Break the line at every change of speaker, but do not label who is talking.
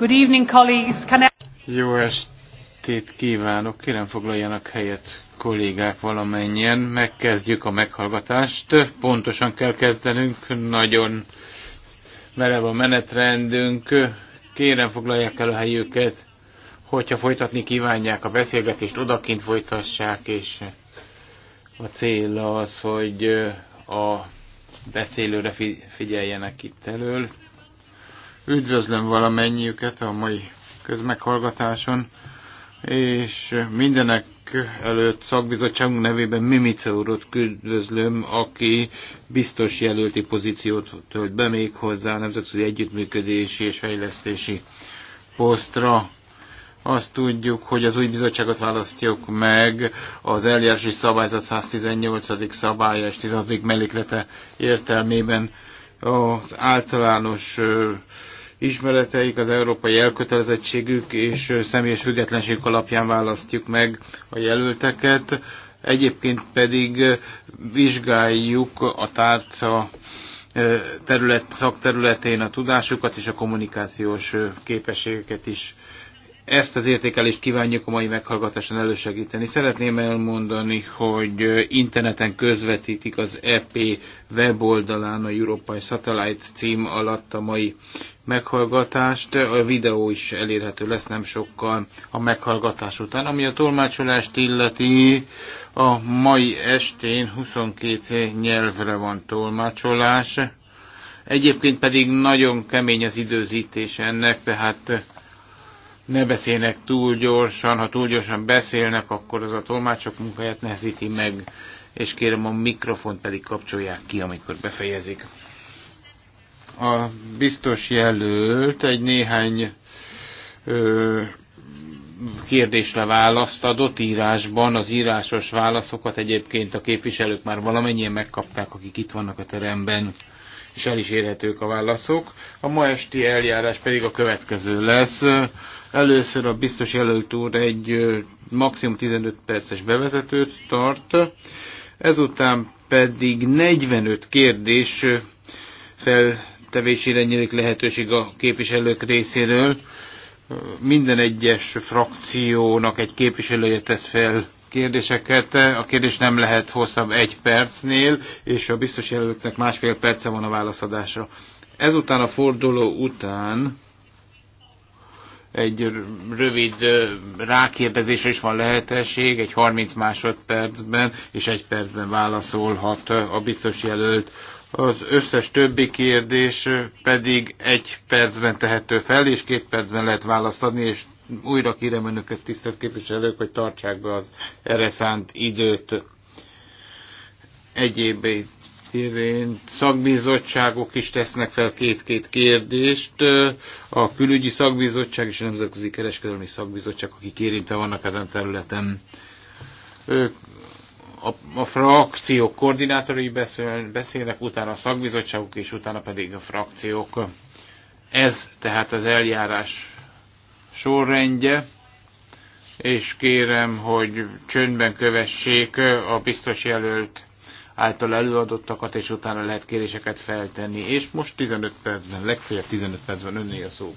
Good evening, colleagues. Can I... Jó estét kívánok, kérem foglaljanak helyet kollégák valamennyien. Megkezdjük a meghallgatást. Pontosan kell kezdenünk, nagyon merev a menetrendünk. Kérem foglalják el a helyüket, hogyha folytatni kívánják a beszélgetést, odakint folytassák, és a cél az, hogy a beszélőre figyeljenek itt elől. Üdvözlöm valamennyiüket a mai közmeghallgatáson, és mindenek előtt szakbizottságunk nevében Mimice úrot üdvözlöm, aki biztos jelölti pozíciót tölt be még hozzá a Nemzetközi Együttműködési és Fejlesztési posztra azt tudjuk, hogy az új bizottságot választjuk meg az eljárási szabályzat 118. szabálya és 16. melléklete értelmében az általános ismereteik, az európai elkötelezettségük és személyes függetlenség alapján választjuk meg a jelölteket. Egyébként pedig vizsgáljuk a tárca eh, terület, szakterületén a tudásukat és a kommunikációs eh, képességeket is. Ezt az értékelést kívánjuk a mai meghallgatáson elősegíteni. Szeretném elmondani, hogy interneten közvetítik az EP weboldalán a Európai Satellite cím alatt a mai meghallgatást. A videó is elérhető lesz nem sokkal a meghallgatás után. Ami a tolmácsolást illeti, a mai estén 22 nyelvre van tolmácsolás. Egyébként pedig nagyon kemény az időzítés ennek, tehát ne beszélnek túl gyorsan, ha túl gyorsan beszélnek, akkor az a tolmácsok munkáját nehezíti meg, és kérem a mikrofont pedig kapcsolják ki, amikor befejezik. A biztos jelölt egy néhány ö, kérdésre választ adott írásban, az írásos válaszokat egyébként a képviselők már valamennyien megkapták, akik itt vannak a teremben és el is érhetők a válaszok. A ma esti eljárás pedig a következő lesz. Először a biztos jelölt úr egy maximum 15 perces bevezetőt tart, ezután pedig 45 kérdés feltevésére nyílik lehetőség a képviselők részéről. Minden egyes frakciónak egy képviselője tesz fel kérdéseket. A kérdés nem lehet hosszabb egy percnél, és a biztos jelöltnek másfél perce van a válaszadásra. Ezután a forduló után egy rövid rákérdezésre is van lehetőség, egy 30 másodpercben, és egy percben válaszolhat a biztos jelölt az összes többi kérdés pedig egy percben tehető fel, és két percben lehet választ adni, és újra kérem önöket, tisztelt képviselők, hogy tartsák be az erre szánt időt. Egyéb tévén szakbizottságok is tesznek fel két-két kérdést. A külügyi szakbizottság és a Nemzetközi Kereskedelmi Szakbizottság, akik érintve vannak ezen területen, ők a, a frakciók koordinátorai beszél, beszélnek, utána a szakbizottságok, és utána pedig a frakciók. Ez tehát az eljárás sorrendje, és kérem, hogy csöndben kövessék a biztos jelölt által előadottakat, és utána lehet kéréseket feltenni. És most 15 percben, legfeljebb 15 percben önné a szó.